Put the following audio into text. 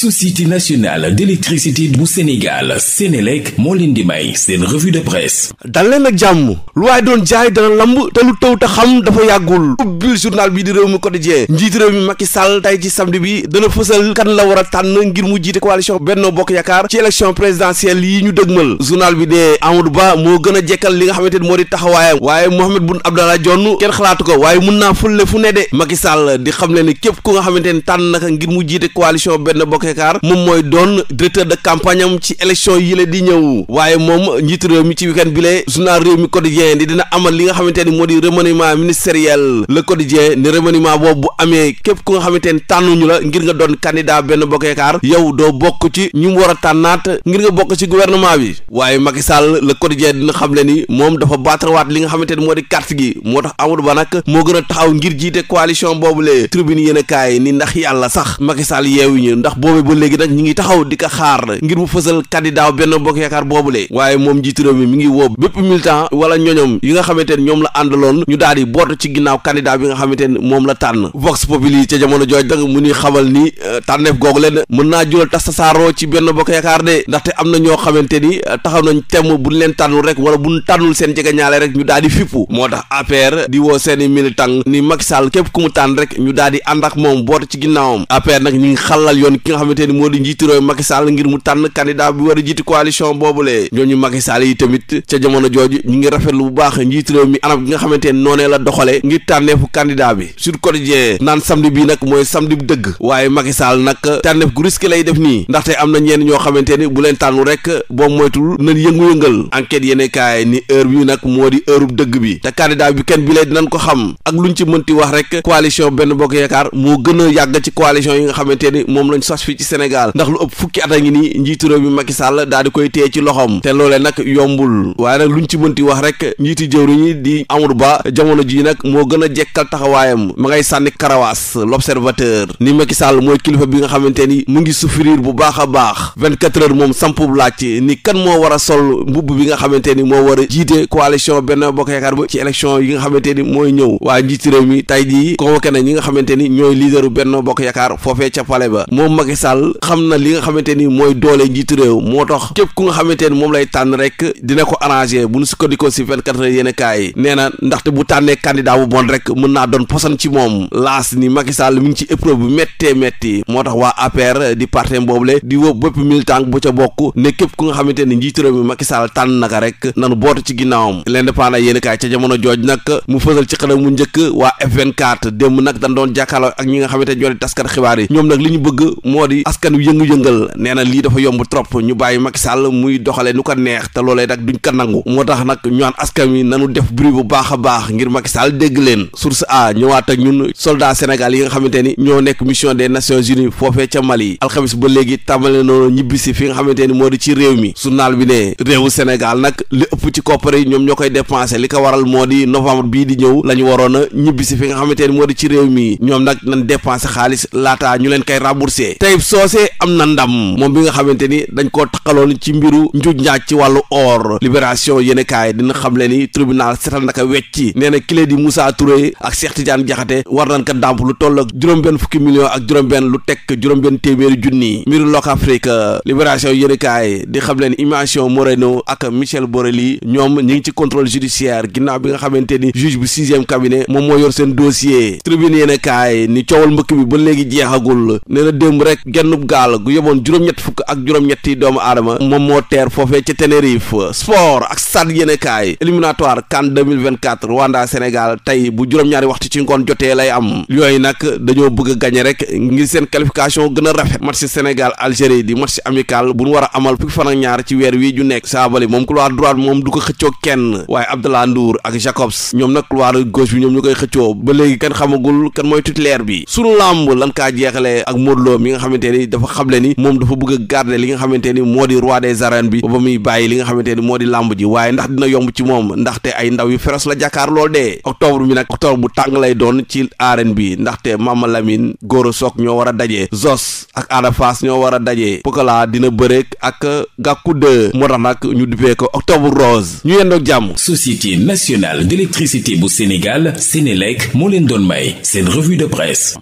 société nationale d'électricité bu Sénégal Sénélec moo leen di may seen revue de presse dal leen ak jàmm lu waaye doon jaay dana lamb te lu tëw te xam dafa yàggul ubbil journal bi di réew mi quotidien njiit réew mi Macky Sall ci samedi bi dana fësal kan la war a tànn ngir mu jiite coalition Benno Bokk Yaakaar ci élection présidentielle yi ñu dëgmal journal bi ne Amadou Ba moo gën a jekkal li nga xamante ni moo di taxawaayam waaye Mohamed Boun Abdallah Dionne kenn xalaatu ko waaye mun naa fulle fu ne de Macky Sall di xam le képp ku Yaakaar moom mooy doon directeur de campagne am ci élection yi la di ñëw waaye moom njiitu réew mi ci week-end bi le journal réew mi quotidien di dina amal li nga xamante ni moo di remaniement ministériel le quotidien ne remaniement boobu bu amee képp ku nga xamante ni tànnuñu la ngir nga doon candidat benn bokk yaakaar yow doo bokk ci ñu war a tànnaat ngir nga bokk ci gouvernement bi waaye Macky la le quotidien dina xam le ni moom dafa baatrawaat li nga xamante ni moo di carte gi moo tax Amadou Ba nag moo gën a taxaw ngir jiite coalition boobu le tribune yéen a kaay ni ndax yàlla sax Macky Sall boobee ba léegi nag ñi ngi taxaw di ko xaar ngir mu fësal candidat benn bokk yaakaar boobule waaye moom jiitu réew mi mi ngi woo bépp militant wala ñoñom yi nga xamante ne ñoom la àndaloon ñu daal boot ci ginnaaw candidat bi nga xamante ne moom la tànn vox populi ca ni euh, tànneef googu leen mën naa jural tas tasaaroo ci benn bokk yaakaar de ndaxte am na ñoo xamante ni euh, taxaw tànnul rek wala buñ tànnul seen jegeñaale rek ñu daal di fippu moo tax APR di woo seeni militant ni Macky saal képp ku mu tànn rek ñu daal di ànd ak moom boot ci ginnaawam APR nag ñi ngi xalal yoon xamante ni moo di njiitu réew ngir mu tànn candidat bi war a jiitu coalition boobulee bu baax njiitu réew bi sur quotidien naan samedi bi nag mooy samedi bu dëgg waaye Macky Sall nag tànneef gu risque lay def nii ndaxte am na ni bu leen tànnu rek boo moytul nañ yëngu-yëngal enquête yéene kaay ni heure bi bi te candidat bi kenn bi lee dinañ ko xam ak luñ ci mënti wax rek coalition benn bokk yaakaar moo gën a yàgg ci coalition yi nga xamante ni moom lañ sos ci Sénégal ndax lu ëpp fukki at a ngi nii njiitu réew koy téye ci loxoom te loolee nag yombul waaye nag luñ ci mënti wax rek njiiti jëwriñ yi di Amadou Ba jamono ji nag moo gën a jekkal taxawaayam ma ngay sànni karawaas l'observateur ni Macky Sall mooy kilifa bi nga xamante ni mu ngi souffrir bu baax a baax 24 heures moom sampub laaj ni kan moo war a sol mbubb bi nga xamante ni moo war a jiite coalition Benno Bokk Yaakaar ba ci yi nga xamante ni mooy ñëw waa njiiti mi tey jii convoqué na ñi nga xamante ni ñooy leaderu benn Bokk Yaakaar foofee ca palais ba moom Macky Sall xam na li nga xamante ni mooy doole njiitu réew moo tax képp ku nga xamante ni moom lay tànn rek dina ko arrangé bu nu sukkandikoo si 24 heures yéen kaay yi ndaxte bu tànnee candidat bu bon rek mën naa doon posan ci moom laas ni Macky Sall mi ngi ci épreuve bu méttee métti moo tax waa APR di partem boobule di wëpp bépp militant bu ca bokk ne képp ku nga xamante ni njiitu réew mi Macky Sall tànn naka rek nanu bootu ci ginnaawam l'indépendant yéen kaay ca jamono jooj nag mu fësal ci xanam mu njëkk waa F24 démb nag dañ doon ak ñi nga xamante ni ñoo di taskat xibaar yi di askan wi yëngu-yëngal nee na lii dafa yomb trop ñu bàyyi Macky Sall muy doxale nu ko neex te loolee nag duñ ko nangu moo tax nag ñu aan askan wi nanu def bruit bu baax a baax ngir Macky Sall dégg leen source a ñëwaat ak ñun soldat Sénégal yi nga xamante ni ñoo nekk mission des Nations Unies foofee ca Mali alxamis ba léegi tàmbale noonu ñibbisi fi nga xamante ni moo di ci réew mi su naal bi ne réewu Sénégal nag li ëpp ci koppar yi ñoom ñoo koy dépensé li ko waral moo di novembre bii di ñëw la ñu waroon a ñibbisi fi nga xamante ni moo di ci réew mi ñoom nag nañ dépensé xaalis laataa ñu leen koy remboursé Habib Socé am na ndam moom bi nga xamante ni dañ koo taxaloon ci mbiru njuuj ci wàllu or libération yéenekaay dina xam le ni tribunal setal naka wecci nee na kilé di Moussa Touré ak Cheikh Tidiane Diakhaté war nañ ka dàmp lu toll ak juróom-benn fukki million ak juróom-benn lu tekk juróom-benn téeméeri junni mbiru Locafrique libération yéenekaay di xam leen Imagino Moreno ak Michel Borelli ñoom ñi ngi ci contrôle judiciaire ginnaaw bi nga xamante ni juge bu sixième moom moo yor seen dossier tribune yéenekaay ni coowal mbëkk bi ba léegi jeexagul nee na démb rek gennub gaal gu yoboon juróom-ñett fukk ak juróom-ñetti doomu aadama moom moo teer foofee ca Tenerife sport ak stade yéenekaay éliminatoire CAN Rwanda Sénégal tey bu juróom-ñaari waxtu ci ngoon jotee lay am yooyu nag dañoo bëgg a gañe rek ngir seen qualification gën a rafet match Sénégal Algérie di match amical bu ñu war a amal fukki fan ñaar ci weer wi ju nekk Sabaly moom couloir droite moom du ko xëccoo kenn waaye Abdallah Ndour ak Jacobs ñoom nag couloir ñu koy xëccoo ba léegi kan mooy titulaire bi sunu làmb lan xamante ni dafa xamle ni moom dafa bëgg a garder li nga xamante ni moo di roi des bàyyi li xamante ni moo di làmb ji waaye ndax dina yomb ci moom ndaxte ay ndaw yu feros la jàkkaar lool dee octobre bi nag octobre bu tàng lay doon ci arène bi ndaxte Mama Lamine a Sock ñoo war a dajee Zos ak Ada ñoo war a dajee Pokola dina bëreek ak Gàkku 2 moo tax nag ñu duppee ko octobre rose ñu yendoog jàmm Société nationale d'électricité bu Sénégal Sénélec moo leen doon may seen revue de presse